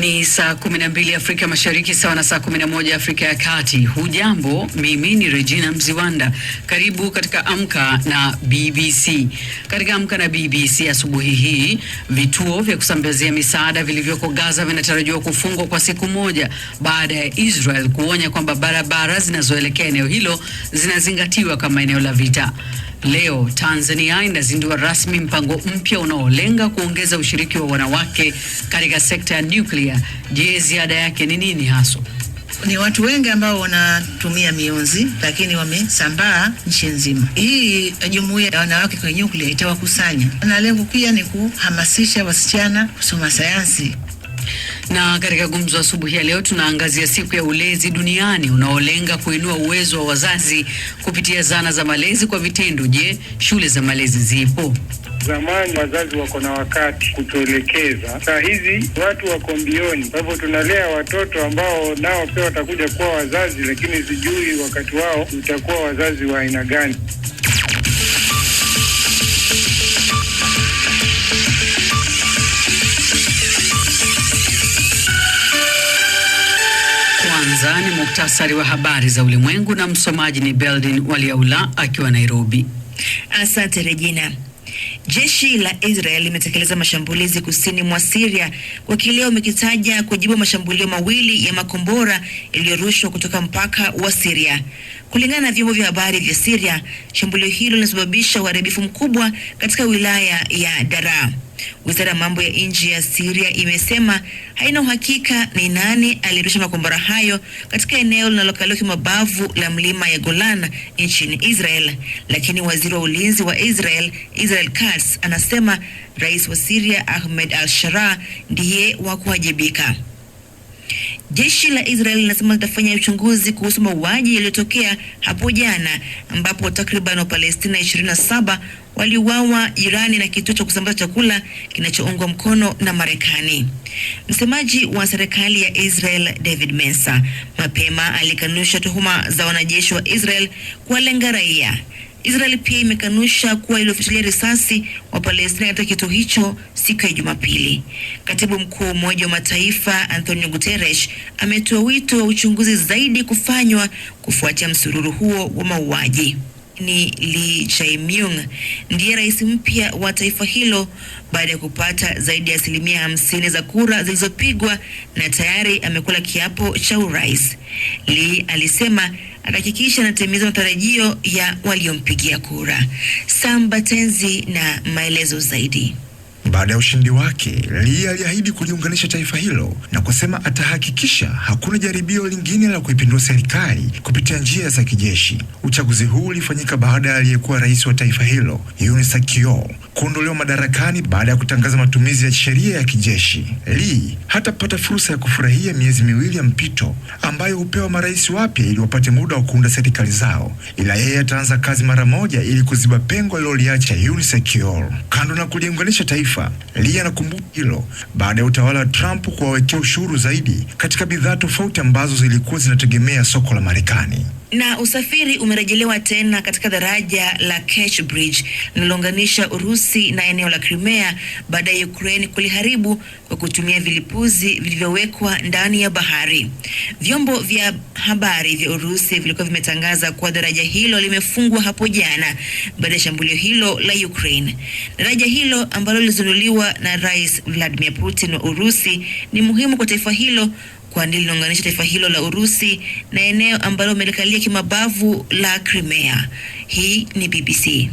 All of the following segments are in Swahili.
Ni saa 12 Afrika Mashariki sawa na saa 11 Afrika ya Kati. Hujambo, mimi ni Regina Mziwanda. Karibu katika Amka na BBC. Katika Amka na BBC asubuhi hii, vituo vya kusambazia misaada vilivyoko Gaza vinatarajiwa kufungwa kwa siku moja baada ya Israel kuonya kwamba barabara zinazoelekea eneo hilo zinazingatiwa kama eneo la vita. Leo Tanzania inazindua rasmi mpango mpya unaolenga kuongeza ushiriki wa wanawake katika sekta ya nuclear. Je, ziada yake ni nini haswa? Ni watu wengi ambao wanatumia mionzi lakini wamesambaa nchi nzima. Hii jumuiya ya wanawake kwenye nyuklia itawakusanya, na lengo pia ni kuhamasisha wasichana kusoma sayansi. Na katika gumzo asubuhi ya leo tunaangazia siku ya ulezi duniani unaolenga kuinua uwezo wa wazazi kupitia zana za malezi kwa vitendo. Je, shule za malezi zipo? Zamani wazazi wako na wakati kutuelekeza, saa hizi watu wako mbioni. Kwa hivyo tunalea watoto ambao nao pia watakuja kuwa wazazi, lakini sijui wakati wao utakuwa wazazi wa aina gani. Kwanza ni muktasari wa habari za ulimwengu na msomaji ni Beldin Waliaula akiwa Nairobi. Asante Regina. Jeshi la Israel limetekeleza mashambulizi kusini mwa Syria kwa kile wamekitaja kujibu mashambulio mawili ya makombora yaliyorushwa kutoka mpaka wa Syria. Kulingana na vyombo vya habari vya Syria, shambulio hilo linasababisha uharibifu mkubwa katika wilaya ya Daraa. Wizara ya mambo ya nje ya Syria imesema haina uhakika ni nani alirusha makombora hayo katika eneo linalokaliwa kimabavu la mlima ya Golan nchini Israel, lakini waziri wa ulinzi wa Israel Israel Katz anasema rais wa Syria Ahmed al-Sharaa ndiye wa kuwajibika. Jeshi la Israel linasema litafanya uchunguzi kuhusu mauaji yaliyotokea hapo jana ambapo takriban Wapalestina 27 waliuawa jirani na kituo cha kusambaza chakula kinachoungwa mkono na Marekani. Msemaji wa serikali ya Israel David Mensa mapema alikanusha tuhuma za wanajeshi wa Israel kuwalenga raia. Israel pia imekanusha kuwa iliofutilia risasi wa Palestina katika kituo hicho siku ya Jumapili. Katibu mkuu wa Umoja wa Mataifa Antonio Guterres ametoa wito wa uchunguzi zaidi kufanywa kufuatia msururu huo wa mauaji ni Lee Jae-myung ndiye rais mpya wa taifa hilo baada ya kupata zaidi ya asilimia hamsini za kura zilizopigwa na tayari amekula kiapo cha urais. Lee alisema atahakikisha anatimiza matarajio ya waliompigia kura. Samba Tenzi na maelezo zaidi. Baada ya ushindi wake, Lee aliahidi kuliunganisha taifa hilo na kusema atahakikisha hakuna jaribio lingine la kuipindua serikali kupitia njia za kijeshi. Uchaguzi huu ulifanyika baada ya aliyekuwa rais wa taifa hilo Yoon Suk Yeol kuondolewa madarakani baada ya kutangaza matumizi ya sheria ya kijeshi. Lee hatapata fursa ya kufurahia miezi miwili ya mpito ambayo hupewa marais wapya ili wapate muda wa kuunda serikali zao, ila yeye ataanza kazi mara moja ili kuziba pengo aliloliacha Yoon Suk Yeol. Kando na kuliunganisha taifa taifa liye anakumbuka hilo baada ya utawala wa Trump kuwawekea ushuru zaidi katika bidhaa tofauti ambazo zilikuwa zinategemea soko la Marekani. Na usafiri umerejelewa tena katika daraja la Kerch Bridge linalounganisha Urusi na eneo la Crimea baada ya Ukraine kuliharibu kwa kutumia vilipuzi vilivyowekwa ndani ya bahari. Vyombo vya habari vya Urusi vilikuwa vimetangaza kuwa daraja hilo limefungwa hapo jana baada ya shambulio hilo la Ukraine. Daraja hilo ambalo lilizinduliwa na Rais Vladimir Putin wa Urusi ni muhimu kwa taifa hilo kwani linaunganisha taifa hilo la Urusi na eneo ambalo umelikalia kimabavu la Crimea. Hii ni BBC.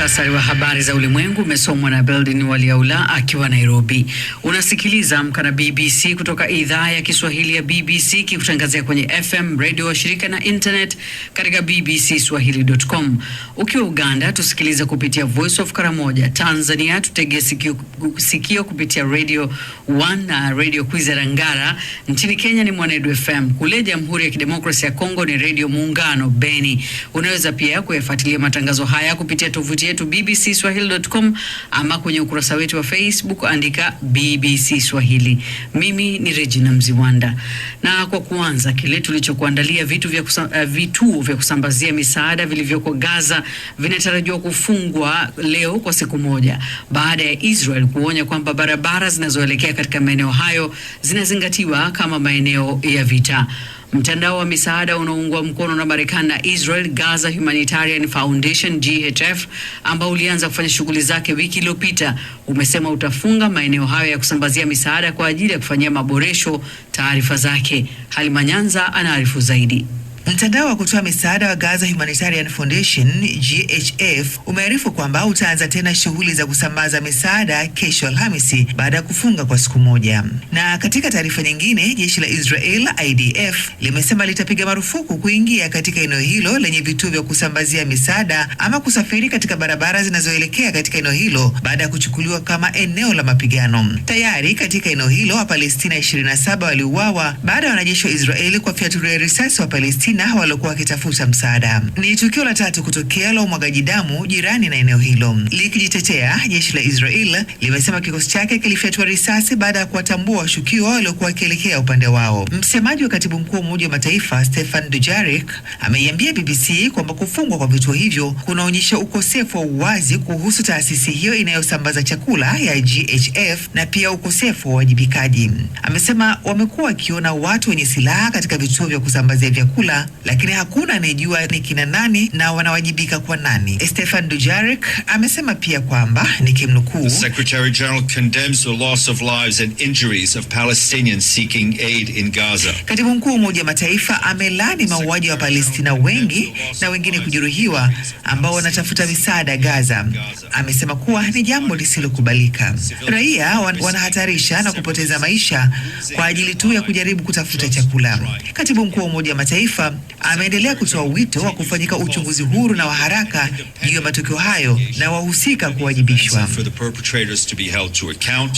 Muktasari wa habari za ulimwengu umesomwa na Beldin Waliaula akiwa Nairobi. Unasikiliza Amka na BBC kutoka idhaa ya Kiswahili ya BBC kikutangazia kwenye FM radio wa shirika na internet katika bbcswahili.com. Ukiwa Uganda tusikiliza kupitia Voice of Karamoja, Tanzania tutege sikio, sikio kupitia Radio 1 na Radio Kwizera Ngara, nchini Kenya ni Mwanedu FM, kule Jamhuri ya Kidemokrasia ya Kongo ni Radio Muungano Beni. Unaweza pia kuyafuatilia matangazo haya kupitia tovuti yetu Swahili.com ama kwenye ukurasa wetu wa Facebook andika BBC Swahili. Mimi ni Regina Mziwanda, na kwa kuanza kile tulichokuandalia, vitu vya kusa, eh, vituo vya kusambazia misaada vilivyoko Gaza vinatarajiwa kufungwa leo kwa siku moja baada ya Israel kuonya kwamba barabara zinazoelekea katika maeneo hayo zinazingatiwa kama maeneo ya vita. Mtandao wa misaada unaoungwa mkono na Marekani na Israel, Gaza Humanitarian Foundation GHF, ambao ulianza kufanya shughuli zake wiki iliyopita, umesema utafunga maeneo hayo ya kusambazia misaada kwa ajili ya kufanyia maboresho taarifa zake. Halima Nyanza anaarifu zaidi. Mtandao wa kutoa misaada wa Gaza Humanitarian Foundation GHF umearifu kwamba utaanza tena shughuli za kusambaza misaada kesho Alhamisi baada ya kufunga kwa siku moja. Na katika taarifa nyingine, jeshi la Israel IDF limesema litapiga marufuku kuingia katika eneo hilo lenye vituo vya kusambazia misaada ama kusafiri katika barabara zinazoelekea katika eneo hilo baada ya kuchukuliwa kama eneo la mapigano. Tayari katika eneo hilo Wapalestina 27 waliuawa baada ya wanajeshi wa Israeli kuwafyatulia risasi wa Palestina vijana waliokuwa wakitafuta msaada. Ni tukio la tatu kutokea la umwagaji damu jirani na eneo hilo. Likijitetea, jeshi la Israel limesema kikosi chake kilifyatua risasi baada ya kuwatambua washukiwa waliokuwa wakielekea upande wao. Msemaji wa katibu mkuu wa Umoja wa Mataifa Stefan Dujarric ameiambia BBC kwamba kufungwa kwa vituo hivyo kunaonyesha ukosefu wa uwazi kuhusu taasisi hiyo inayosambaza chakula ya GHF na pia ukosefu wa uwajibikaji. Amesema wamekuwa wakiona watu wenye silaha katika vituo vya kusambazia vyakula lakini hakuna anayejua ni kina nani na wanawajibika kwa nani. Stefan Dujarric amesema pia kwamba nikimnukuu, The Secretary General condemns the loss of lives and injuries of Palestinians seeking aid in Gaza. Katibu mkuu wa Umoja Mataifa amelani mauaji wa Palestina wengi na wengine kujeruhiwa ambao wanatafuta misaada Gaza. Amesema kuwa ni jambo lisilokubalika. Raia wan, wanahatarisha na kupoteza maisha kwa ajili tu ya kujaribu kutafuta chakula. Katibu mkuu wa Umoja Mataifa ameendelea kutoa wito wa kufanyika uchunguzi huru na wa haraka juu ya matukio hayo na wahusika kuwajibishwa.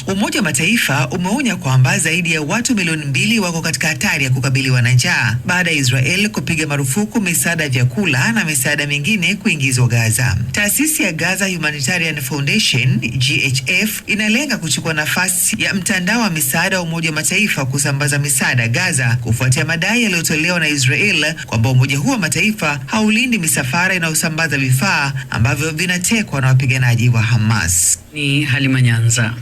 Umoja wa Mataifa umeonya kwamba zaidi ya watu milioni mbili wako katika hatari ya kukabiliwa na njaa baada ya Israel kupiga marufuku misaada ya vyakula na misaada mingine kuingizwa Gaza. Taasisi ya Gaza Humanitarian Foundation GHF inalenga kuchukua nafasi ya mtandao wa misaada wa Umoja wa Mataifa kusambaza misaada Gaza kufuatia madai yaliyotolewa na Israel Sahel kwamba Umoja huo wa Mataifa haulindi misafara inayosambaza vifaa ambavyo vinatekwa na wapiganaji wa Hamas. Ni Halima Nyanza.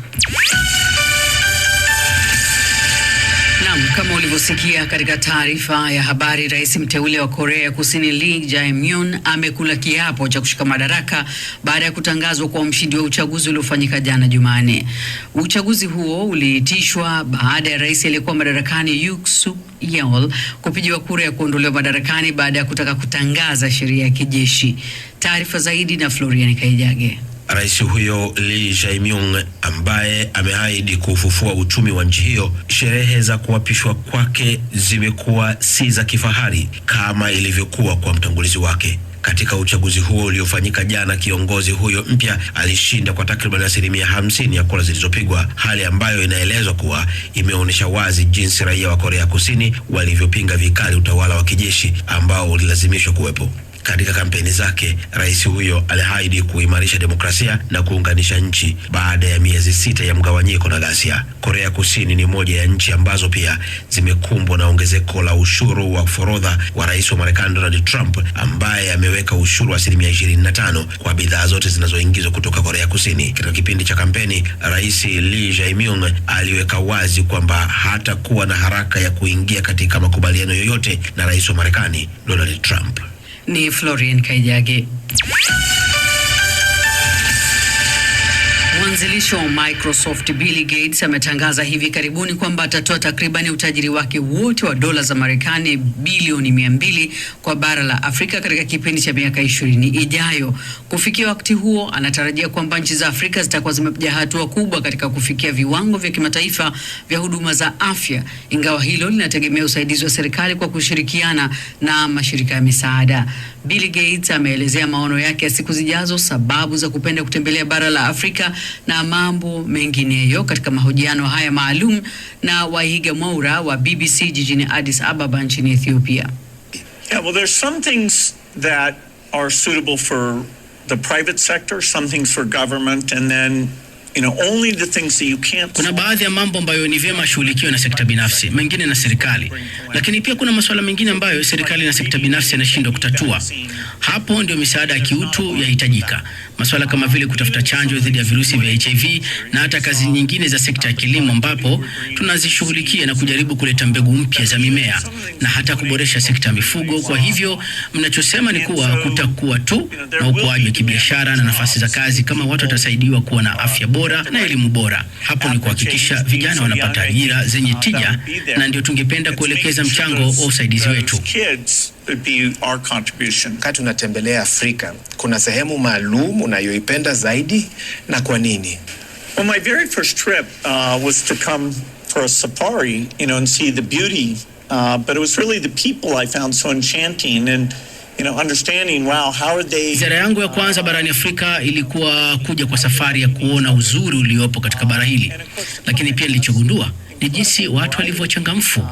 Naam, kama ulivyosikia katika taarifa ya habari, rais mteule wa Korea ya Kusini Lee Jae-myung amekula kiapo cha kushika madaraka baada ya kutangazwa kwa mshindi wa uchaguzi uliofanyika jana Jumanne. Uchaguzi huo uliitishwa baada ya rais aliyekuwa madarakani Yoon Suk Yeol kupigiwa kura ya kuondolewa madarakani baada ya kutaka kutangaza sheria ya kijeshi. Taarifa zaidi na Florian Kaijage. Rais huyo Lee Jae-myung ambaye ameahidi kufufua uchumi wa nchi hiyo, sherehe za kuapishwa kwake zimekuwa si za kifahari kama ilivyokuwa kwa mtangulizi wake. Katika uchaguzi huo uliofanyika jana, kiongozi huyo mpya alishinda kwa takriban asilimia hamsini ya kura zilizopigwa, hali ambayo inaelezwa kuwa imeonyesha wazi jinsi raia wa Korea Kusini walivyopinga vikali utawala wa kijeshi ambao ulilazimishwa kuwepo. Katika kampeni zake, rais huyo aliahidi kuimarisha demokrasia na kuunganisha nchi baada ya miezi sita ya mgawanyiko na ghasia. Korea Kusini ni moja ya nchi ambazo pia zimekumbwa na ongezeko la ushuru wa forodha wa rais wa Marekani Donald Trump ambaye ameweka ushuru wa asilimia ishirini na tano kwa bidhaa zote zinazoingizwa kutoka Korea Kusini. Katika kipindi cha kampeni, rais Lee Jae-myung aliweka wazi kwamba hatakuwa na haraka ya kuingia katika makubaliano yoyote na rais wa Marekani Donald Trump. nei Florian Kajagi. Mwanzilishi wa Microsoft Bill Gates ametangaza hivi karibuni kwamba atatoa takribani utajiri wake wote wa dola za Marekani bilioni mia mbili kwa bara la Afrika katika kipindi cha miaka ishirini ijayo. Kufikia wakati huo, anatarajia kwamba nchi za Afrika zitakuwa zimepiga hatua kubwa katika kufikia viwango vya kimataifa vya huduma za afya, ingawa hilo linategemea usaidizi wa serikali kwa kushirikiana na mashirika ya misaada. Bill Gates ameelezea maono yake ya siku zijazo, sababu za kupenda kutembelea bara la Afrika na mambo mengineyo katika mahojiano haya maalum na Waihiga Mwaura wa BBC jijini Addis Ababa nchini Ethiopia. Yeah, well, there's some things that are suitable for the private sector, some things for government and then You know, only the things that you can't... Kuna baadhi ya mambo ambayo ni vyema shughulikiwe na sekta binafsi, mengine na serikali, lakini pia kuna masuala mengine ambayo serikali na sekta binafsi yanashindwa kutatua. Hapo ndio misaada ya kiutu yahitajika, masuala kama vile kutafuta chanjo dhidi ya virusi vya HIV na hata kazi nyingine za sekta ya kilimo, ambapo tunazishughulikia na kujaribu kuleta mbegu mpya za mimea na hata kuboresha sekta ya mifugo. Kwa hivyo mnachosema ni kuwa kutakuwa tu na ukuaji wa kibiashara na nafasi za kazi kama watu watasaidiwa kuwa na afya bora bora na elimu bora. Hapo ni kuhakikisha vijana wanapata ajira zenye tija, na ndio tungependa kuelekeza mchango wa usaidizi wetu. Wakati unatembelea Afrika, kuna sehemu maalum unayoipenda zaidi na kwa nini? Well, my very first trip uh, was to come for a safari, you know, and see the beauty, uh, but it was really the people I found so enchanting and you know, understanding, wow, how are they... Ziara yangu ya kwanza barani Afrika ilikuwa kuja kwa safari ya kuona uzuri uliopo katika bara hili, lakini pia nilichogundua ni jinsi watu walivyochangamfu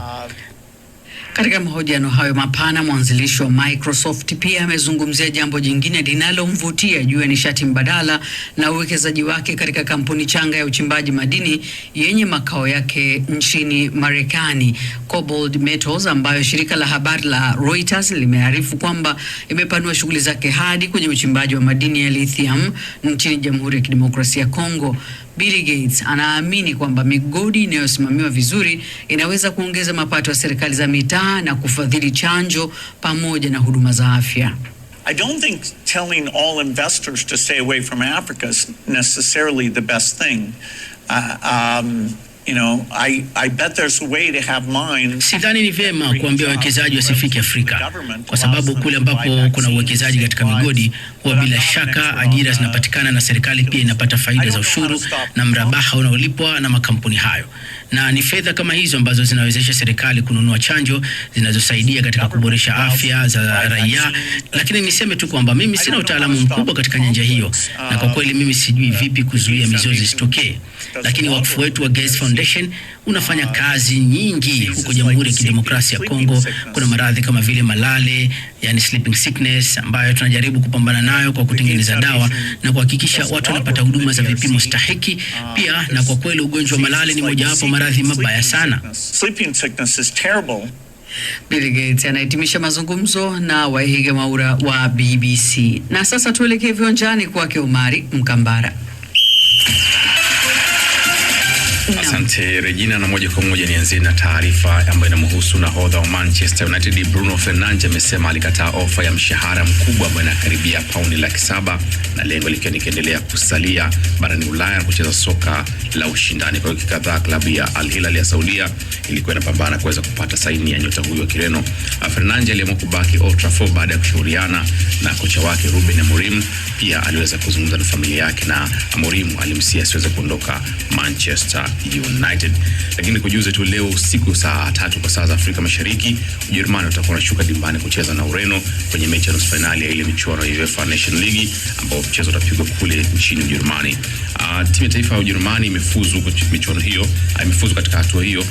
katika mahojiano hayo mapana, mwanzilishi wa Microsoft pia amezungumzia jambo jingine linalomvutia juu ya nishati mbadala na uwekezaji wake katika kampuni changa ya uchimbaji madini yenye makao yake nchini Marekani, Cobalt Metals, ambayo shirika la habari la Reuters limearifu kwamba imepanua shughuli zake hadi kwenye uchimbaji wa madini ya lithium nchini Jamhuri ya Kidemokrasia ya Kongo. Bill Gates anaamini kwamba migodi inayosimamiwa vizuri inaweza kuongeza mapato ya serikali za mitaa na kufadhili chanjo pamoja na huduma za afya. I don't think telling all investors to stay away from Africa is necessarily the best thing. Uh, um, Si dhani ni vyema kuambia wawekezaji wasifike Afrika kwa sababu kule ambapo kuna uwekezaji katika migodi huwa bila shaka ajira zinapatikana na serikali pia inapata faida za ushuru na mrabaha unaolipwa na makampuni hayo, na ni fedha kama hizo ambazo zinawezesha serikali kununua chanjo zinazosaidia katika kuboresha afya za raia. Lakini niseme tu kwamba mimi sina utaalamu mkubwa katika nyanja hiyo, na kwa kweli mimi sijui vipi uh, kuzuia mizozi uh, isitokee, lakini wakfu wetu wa Gates Foundation Foundation unafanya kazi nyingi huko Jamhuri ya Kidemokrasia ya Kongo. Kuna maradhi kama vile malale, yani sleeping sickness, ambayo tunajaribu kupambana nayo kwa kutengeneza dawa na kuhakikisha watu wanapata huduma za vipimo stahiki pia. Na kwa kweli ugonjwa wa malale ni mojawapo maradhi mabaya sana. Bill Gates anahitimisha mazungumzo na Wahige Maura wa BBC. Na sasa tuelekee viwanjani kwake Omari Mkambara. Asante Regina, na moja kwa moja nianzie na taarifa ambayo inamhusu nahodha wa Manchester United Bruno Fernandes amesema alikataa ofa ya mshahara mkubwa ambayo inakaribia paundi laki saba na lengo likiwa nikiendelea kusalia barani Ulaya na kucheza soka la ushindani. Kwa wiki kadhaa klabu ya Al Hilal ya Saudia ilikuwa inapambana kuweza kupata saini ya nyota huyo wa Kireno. Ah, Fernandes aliamua kubaki Old Trafford baada ya kushauriana na kocha wake Ruben Amorim. Pia aliweza kuzungumza na familia yake na Amorim alimsihi asiweze kuondoka Manchester United. Lakini kujuza tu leo usiku saa tatu kwa saa za Afrika Mashariki, Ujerumani utakuwa unashuka dimbani kucheza na Ureno kwenye mechi ya nusu finali ya ile michuano ya UEFA Nation League ambao mchezo utapigwa kule nchini Ujerumani. Uh, timu ya taifa ya Ujerumani imefuzu kwa michuano hiyo, ah, imefuzu katika hatua hiyo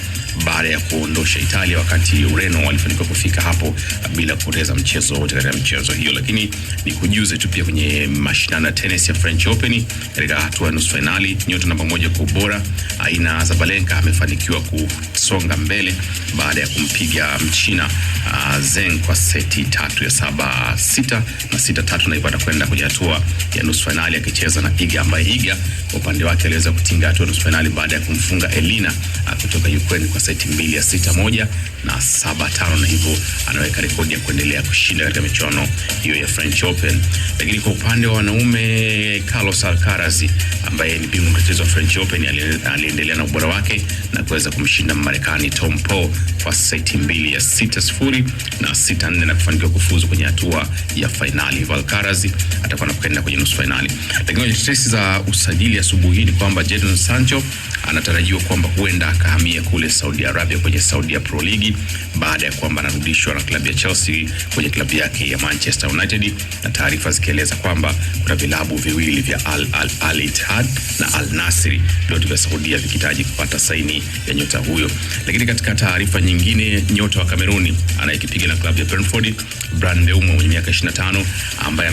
baada ya kuondosha Italia, wakati Ureno walifanikiwa kufika hapo bila kupoteza mchezo wote katika michezo hiyo. Lakini ni kujuze tu pia kwenye mashindano ya tennis ya French Open katika hatua ya nusu finali, nyota namba moja kwa ubora ah, Arina Zabalenka amefanikiwa kusonga mbele baada ya kumpiga Mchina uh, Zeng kwa seti tatu ya saba sita na sita tatu, na hivyo atakwenda kwenye hatua ya nusu fainali akicheza na Iga, ambaye Iga kwa upande wake aliweza kutinga hatua ya nusu fainali baada ya kumfunga Elina uh, kutoka Ukraine kwa seti mbili ya sita moja na saba tano, na hivyo anaweka rekodi ya kuendelea kushinda katika michuano hiyo ya French Open. Lakini kwa upande wa wanaume Carlos Alcaraz ambaye ni bingwa mtetezi wa French Open ali anaendelea na ubora wake na kuweza kumshinda Marekani Tom Paul kwa seti mbili ya 6-0 na 6-4 na kufanikiwa kufuzu kwenye hatua ya fainali. Valcaraz atakuwa anakwenda kwenye nusu fainali. Lakini kwenye tetesi za usajili asubuhi hii ni kwamba Jadon Sancho anatarajiwa kwamba huenda akahamia kule Saudi Arabia kwenye Saudi Pro League baada ya kwamba anarudishwa na klabu ya Chelsea kwenye klabu yake ya Manchester United, na taarifa zikieleza kwamba kuna vilabu viwili vya Al Al Ittihad na Al Nassr vyote vya Saudia likihitaji kupata saini ya nyota huyo. Lakini katika taarifa nyingine, nyota wa Kameruni anayekipiga na klabu ya Brentford Bryan Mbeumo mwenye miaka 25 ambaye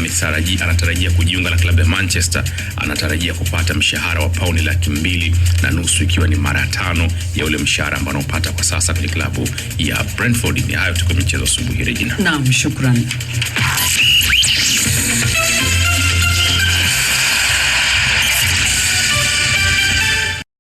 anatarajia kujiunga na klabu ya Manchester anatarajia kupata mshahara wa pauni laki mbili na nusu ikiwa ni mara tano ya ule mshahara ambao anaopata kwa sasa kwenye klabu ya Brentford. Ni hayo tu kwa michezo asubuhi, Regina. Naam, shukrani.